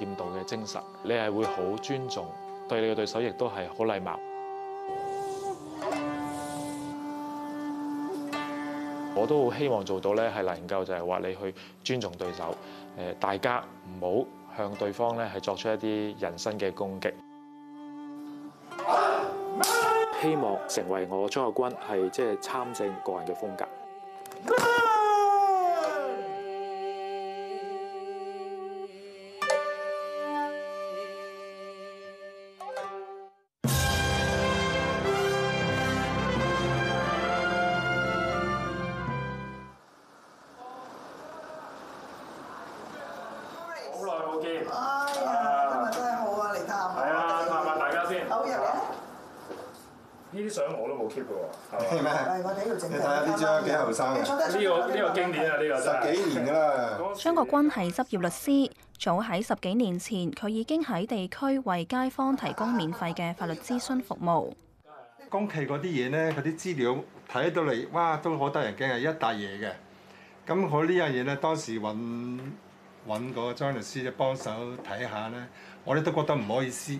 劍道嘅精神，你係會好尊重，對你嘅對手亦都係好禮貌。我都好希望做到呢係能夠就係話你去尊重對手，誒大家唔好向對方呢係作出一啲人身嘅攻擊。希望成為我張國鈞係即係參政個人嘅風格。好耐冇見，哎呀，今日真係好啊！嚟探，係啊，問問大家先。呢啲相我都冇 keep 嘅喎，係咩？嗎你睇下呢張幾後生，呢個呢個經典啊，呢個十幾年噶啦次。了張國鈞係執業律師，早喺十幾年前，佢已經喺地區為街坊提供免費嘅法律諮詢服務。工期嗰啲嘢咧，佢啲資料睇到嚟，哇，都好得人驚，係一沓嘢嘅。咁我呢樣嘢咧，當時揾。揾個張律師嘅幫手睇下呢，我哋都覺得唔好意思。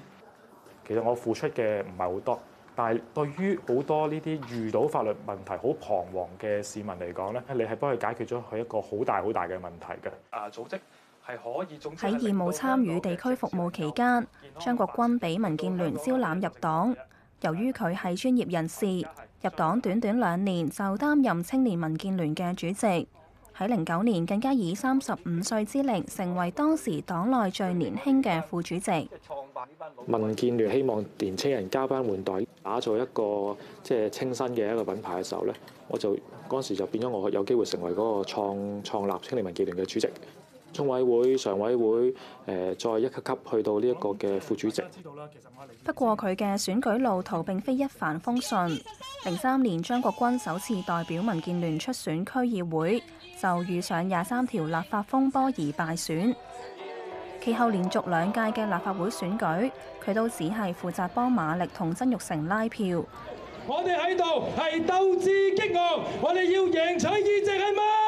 其實我付出嘅唔係好多，但係對於好多呢啲遇到法律問題好彷徨嘅市民嚟講，呢你係幫佢解決咗佢一個好大好大嘅問題嘅。啊，組織係可以。喺義務參與地區服務期間，張國鈞俾民建聯招攬入黨。由於佢係專業人士，入黨短短兩年就擔任青年民建聯嘅主席。喺零九年，更加以三十五歲之齡，成為當時黨內最年輕嘅副主席。民建聯希望年青人加班換代，打造一個即係清新嘅一個品牌嘅時候咧，我就嗰時就變咗我有機會成為嗰個創立青年民建聯嘅主席。中委會、常委會誒，再一級級去到呢一個嘅副主席。不過佢嘅選舉路途並非一帆風順。零三年張國鈞首次代表民建聯出選區議會，就遇上廿三條立法風波而敗選。其後連續兩屆嘅立法會選舉，佢都只係負責幫馬力同曾玉成拉票。我哋喺度係鬥志激昂，我哋要贏取議席，係咪？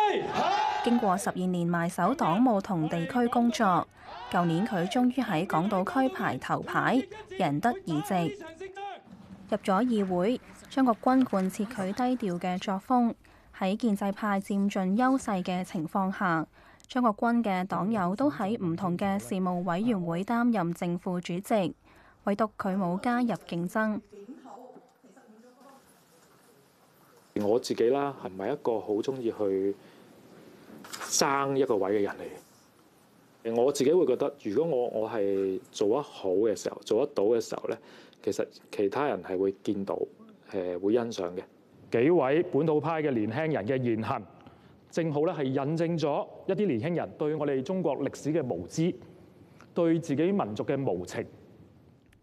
經過十二年埋首黨務同地區工作，舊年佢終於喺港島區排頭牌，贏得議席。入咗議會。張國鈞貫徹佢低調嘅作風，喺建制派佔盡優勢嘅情況下，張國鈞嘅黨友都喺唔同嘅事務委員會擔任正副主席，唯獨佢冇加入競爭。我自己啦，唔係一個好中意去。爭一個位嘅人嚟。我自己會覺得，如果我我係做得好嘅時候，做得到嘅時候咧，其實其他人係會見到誒，會欣賞嘅。幾位本土派嘅年輕人嘅言行，正好咧係印證咗一啲年輕人對我哋中國歷史嘅無知，對自己民族嘅無情。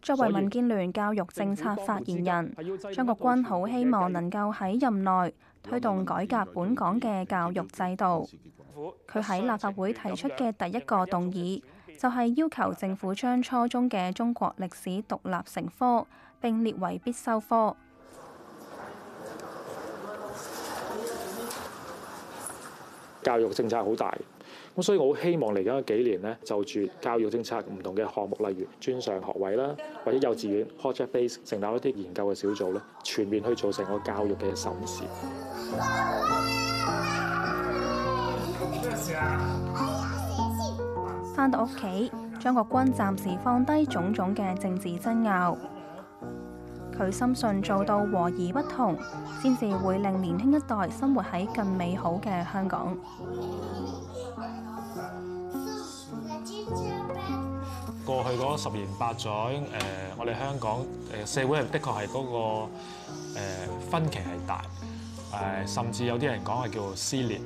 作為民建聯教育政策發言人張國鈞，好希望能夠喺任內推動改革本港嘅教育制度。佢喺立法會提出嘅第一個動議，就係、是、要求政府將初中嘅中國歷史獨立成科，並列為必修科。教育政策好大，咁所以我好希望嚟緊幾年就住教育政策唔同嘅項目，例如專上學位啦，或者幼稚園 project base 成立一啲研究嘅小組咧，全面去做成個教育嘅審視。 翻到屋企，張國鈞暫時放低種種嘅政治爭拗，佢深信做到和而不同，先至會令年輕一代生活喺更美好嘅香港。過去嗰十年八載、呃，我哋香港社會的確係嗰、個、呃、分歧係大、呃，甚至有啲人講係叫撕裂。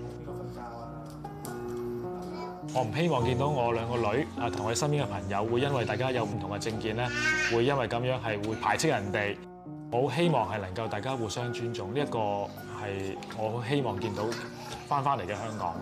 我唔希望見到我兩個女啊同佢身邊嘅朋友會因為大家有唔同嘅政見，咧，會因為咁樣係會排斥人哋，我希望係能夠大家互相尊重，呢一個係我好希望見到翻返嚟嘅香港。